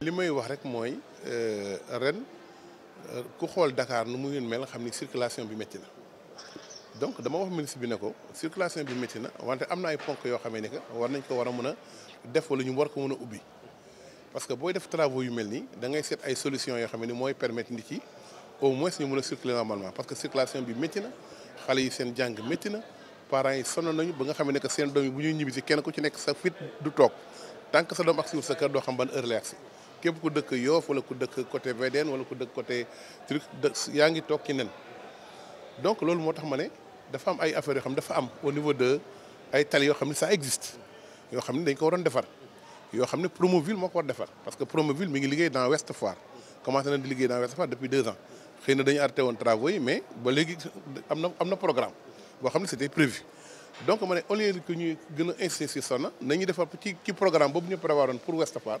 li may wax rek mooy euh, ren euh, ku xool Dakar nu mu mel xam ni circulation bi métti na donc dama wax ministre bi ne ko circulation bi métti na wante am na ay ponk yoo xamee ni que war nañ ko war a mën a def wala ñu war ko mën a ubbi parce que booy def travaux yu mel nii da ngay seet ay solution yoo xam ne mooy permettre nit yi au moins ñu mën a circuler normalement parce que circulation bi métti na xale yi seen jàng metti na parents yi sonn nañu ba nga xam ne que seen doom yi bu ñu ñibbi si kenn ku ci nekk sa fit du toog tant que sa xam ban heure lay képp ku dëkk Yoff wala ku dëkk côté VDN wala ku dëkk côté truc yaa ngi toog ci nen donc loolu moo tax ma ne dafa am ay affaire yoo xam dafa am au niveau de ay tali yoo xam ne ça existe yoo xam ne dañ ko waroon defar yoo xam ne Promoville moo ko war defar parce que Promoville mi ngi liggéey dans west Foire commencé na di liggéey dans west Foire depuis deux ans xëy na dañu arrêté woon travaux yi mais ba léegi am na am na programme boo xam ne c'était prévu donc ma ne au lieu que ñuy gën a insister sonna nañu defar ci ci programme boobu ñu prévoir pour west Foire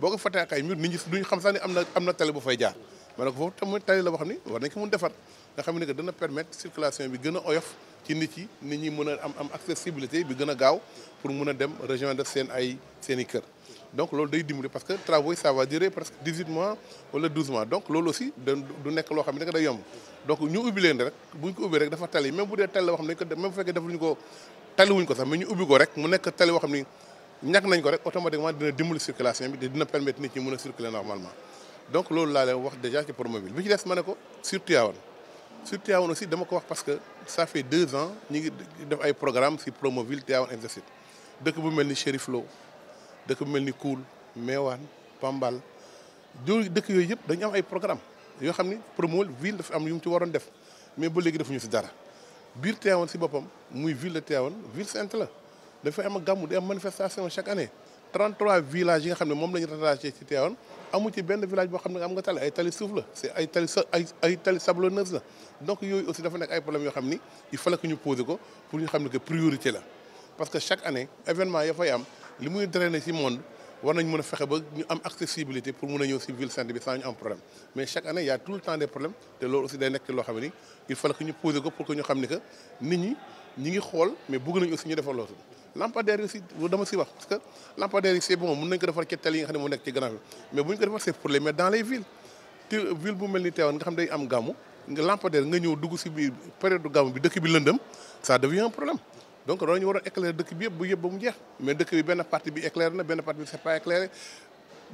boko faté kay ak ay mbir nit ñi duñu xam sax ni amna amna télé bu fay jaar mané ne ko foofu tamit la boo ni war nañ ko mun défat nga xam que dana permettre circulation bi gëna a oyof ci nit yi nit ñi mëna am am accessibilité bi gëna gaaw pour mëna a dem rejoindre sen ay seni kër donc loolu day dimbali parce que travaux ça va durer presque 18 mois wala 12 mois donc loolu aussi da du nekk loo xam ne day donc ñu ubbi leen rek buñ ko ubbi rek dafa tali même bu dé télé wax boo ko même bu fekkee defuñu ko wuñ ko sax mais ñu ubbi ko rek mu nek télé wax ni ñàkk nañ ko rek automatiquement dina dimbali circulation bi dina permettre nit ñi mëna circuler normalement donc loolu laa leen wax déjà ci promobile bi ci des mané ko surtout Tivaouane surtout Tivaouane aussi dama ko wax parce que ça fait deux ans ñi ngi def ay programme si promoville Tivaouane Exercice dëkk bu mel ni Chérif Lo dëkk bu mel ni Koul Mewane Pambal du dëkk yooyu yëpp dañu am ay programme yoo xam ni ville dafa am yum ci waroon def mais ba léegi defuñu si dara biir Tivaouane si boppam muy ville de Tivaouane ville sainte la dafay am gàmmu di am manifestation chaque année 33 villages yi nga xam ne moom la ñu rattaché ci Tivaouane amu ci benn village boo xam ne am nga tali ay tali suuf la c'est ay tali ay ay tali sablonneuse la donc yooyu aussi dafa nekk ay problème yoo xam ni il fallait que ñu poser ko pour ñu xam ne que priorité la parce que chaque année événement ya fay am li muy drainer ci monde war nañ mën a fexe ba ñu am accessibilité pour mën a ñëw ci ville sainte bi sans ñu am problème mais chaque année il y a tout le temps des problèmes te loolu aussi day nekk loo xam ni il fallait que ñu poser ko pour que ñu xam ni que nit ñi ñi ngi xool mais bëgg nañ aussi ñu defar loolu lampadaire yi aussi dama si wax parce que lampadaire c'est bon mën nañ ko defal ci tali yi nga xamne mo nek ci grand mais buñ ko defal c'est problème les dans les villes te ville bu melni ni nga xamne day am gamu nga lampadaire nga ñëw dugg ci bi période du gamu bi dëkk bi lëndëm ça devient un problème donc loolu ñu wara éclairer dëkk bi yëpp bu yëpp bu mu jeex mais dëkk bi benn partie bi éclairé na benn partie bi c'est pas éclairé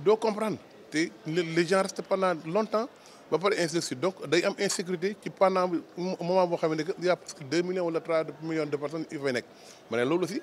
do comprendre te les gens restent pendant longtemps ba pare ainsi de suite donc day am insécurité ci pendant moment bo xam ne que y a presque millions wala 3 millions de personnes yu fay nek mané lolu loolu aussi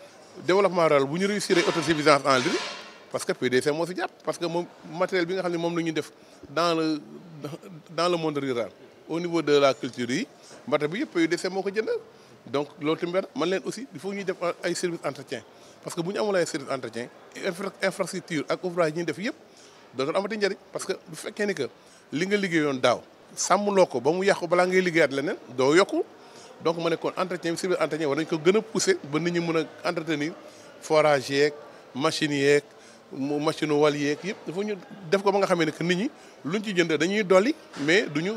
développement rural bu ñu réussir autosuffisance en riz parce que PDC moo si jàpp parce que moom matériel bi nga xam ne moom la ñuy def dans le dans le monde rural au niveau de la culture yi mbata bi yëpp PDC moo ko jëndal donc loolu tamit benn man leen aussi il faut ñuy def ay service entretien parce que bu ñu amul ay service entretien infrastructure ak ouvrage yi ñuy def yëpp dootul amati njëriñ parce que bu fekkee ni que li nga liggéeyoon daaw sàmmloo ko ba mu yàqu balaa ngay liggéeyaat leneen doo yokku donc mané kon entretien bi entretien war nañ ko gëna pousser ba nit ñi mëna entretenir forage yeeg machines yeeg machine wal yeeg yëpp dafa ñu def ko ba nga xamé ni nit ñi luñ ci jënd dañuy doli mais duñu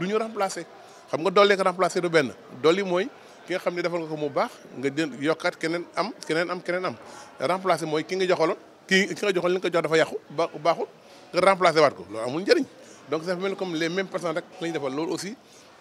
duñu remplacer xam nga doli ko remplacer du ben doli moy ki nga xamni ne defal nga ko mu baax nga jënd yokkaat keneen am keneen am keneen am remplacer moy ki nga joxaloon ki ki nga joxoon li nga jox dafa yaxu ba baaxul nga remplacer wat ko lo amul njëriñ donc ça fait mel comme les mêmes personnes rek lañ defal loolu aussi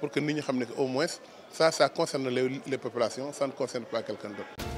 pour que nous sachions au moins ça ça concerne les les populations ça ne concerne pas quelqu'un d'autre